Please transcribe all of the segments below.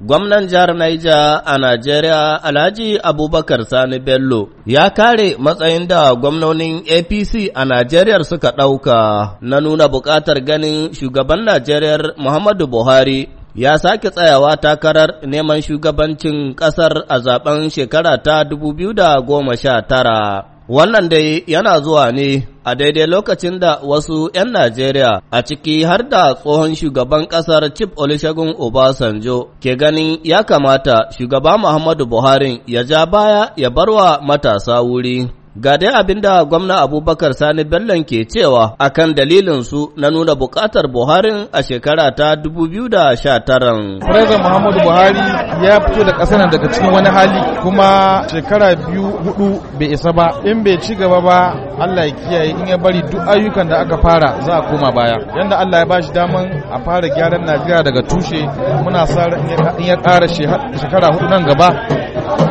Gwamnan jihar Naija a Najeriya Alhaji Abubakar Sani Bello ya kare matsayin da gwamnonin APC a Najeriya suka ɗauka na nuna buƙatar ganin shugaban Najeriya Muhammadu Buhari ya sake tsayawa takarar neman shugabancin ƙasar a zaben shekara ta 2019. Wannan dai yana zuwa ne a daidai lokacin da wasu ‘yan Najeriya a ciki har da tsohon shugaban ƙasar Chip Olusegun Obasanjo ke ganin ya kamata shugaba Muhammadu Buhari ya ja baya ya barwa matasa wuri. Ga dai abin da gwamna Abubakar Sani Bello ke cewa akan dalilin su na nuna bukatar Buharin a shekara ta 2019. Firazan Muhammadu Buhari ya fito da ƙasar daga cikin wani hali kuma shekara biyu hudu bai isa ba in bai ci gaba ba Allah ya kiyaye in ya bari duk ayyukan da aka fara za a koma baya. Yanda Allah ya bashi daman a fara gyaran Najeriya daga tushe muna sa in ya ƙara shekara hudu nan gaba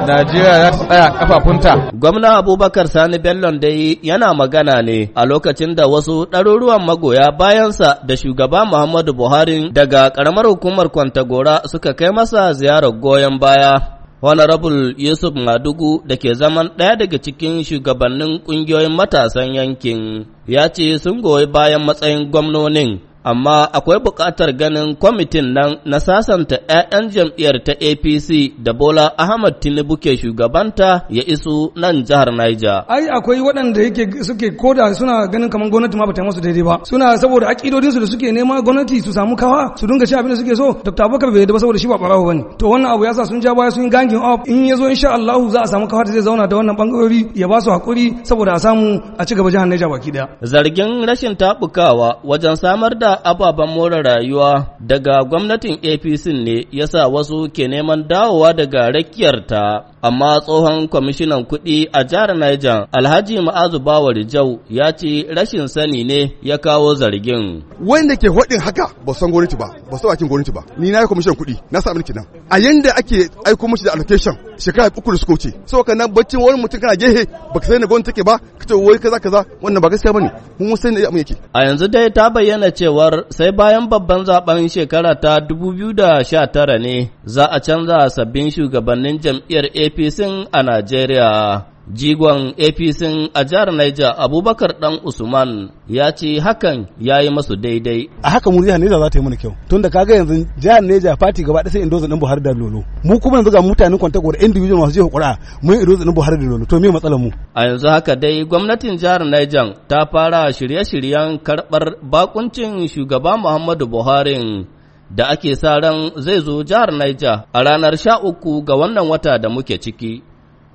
Najeriya za ta tsaya kafafunta. Gwamna Abubakar Sani Bello dai yana magana ne a lokacin da wasu ɗaruruwan magoya bayansa da shugaba Muhammadu Buhari daga ƙaramar hukumar Kwantagora suka kai masa ziyarar goyon baya. Honorable Yusuf Madugu da ke zaman ɗaya daga cikin shugabannin ƙungiyoyin matasan yankin ya ce sun goyi bayan matsayin gwamnonin amma akwai buƙatar ganin kwamitin nan na sasanta 'ya'yan jam'iyyar ta APC da Bola Ahmad Tinubu ke shugabanta ya isu nan jihar Niger. Ai akwai waɗanda yake suke koda suna ganin kamar gwamnati ma bata musu daidai ba. Suna saboda aƙidodinsu su da suke nema gwamnati su samu kawa su dinga shi abin da suke so. Dr. Abubakar bai da ba saboda shi ba barawo bane. To wannan abu yasa sun ja baya sun gangin up in yazo insha Allah za a samu kawa da zai zauna da wannan bangarori ya ba su hakuri saboda a samu a ci gaba jihar Niger baki daya. Zargin rashin tabukawa wajen samar da ababen more rayuwa daga gwamnatin APC ne ya sa wasu ke neman dawowa daga rakiyarta, amma tsohon kwamishinan kuɗi a jihar Niger Alhaji Ma'azu Bawar Jau ya ce rashin sani ne ya kawo zargin. Wanda ke haɗin haka ba san gwamnati ba, ba san bakin gwamnati ba. Ni na yi kwamishinan kuɗi, na sa abin nan. a yanda ake aiko mace da allocation shekara uku da suka wuce saboda nan bacci wani mutum kana gehe baka sai na gwamnati take ba ka ce wai kaza kaza wannan ba gaskiya bane mun sai ne yake a yanzu dai ta bayyana cewar sai bayan babban zaben shekara ta 2019 ne za a canza sabbin shugabannin jam'iyyar APC a Najeriya Jigon APC a jihar Niger Abubakar Dan Usman ya ce hakan ya yi masu daidai. A haka mu jihar Niger za ta yi mana kyau. Tun da kaga yanzu jihar Niger fati gaba ɗaya sai indozo ɗin Buhari da Lolo. Mu kuma yanzu ga mutanen Kwantagor individual masu jihar kura mu yi indozo ɗin Buhari da Lolo. To me matsalar mu? A yanzu haka dai gwamnatin jihar Niger ta fara shirye-shiryen karɓar bakuncin shugaba Muhammadu Buhari. da ake sa ran zai zo jihar Niger a ranar sha uku ga wannan wata da muke ciki.